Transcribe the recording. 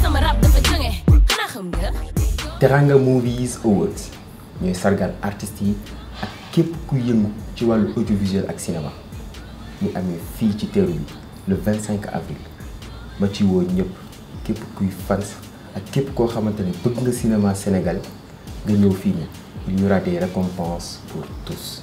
sama rab dafa jànge nga. Movies Awards ñooy sargal artist yi ak képp ku yëngu ci wàllu audiovisuel ak cinéma ñu amee fii ci teeru bi le 25 avril ma ci woo ñëpp képp kuy fans ak képp koo xamante ne bëgg nga cinéma Sénégal nga ñëw fii nii il y aura des pour tous.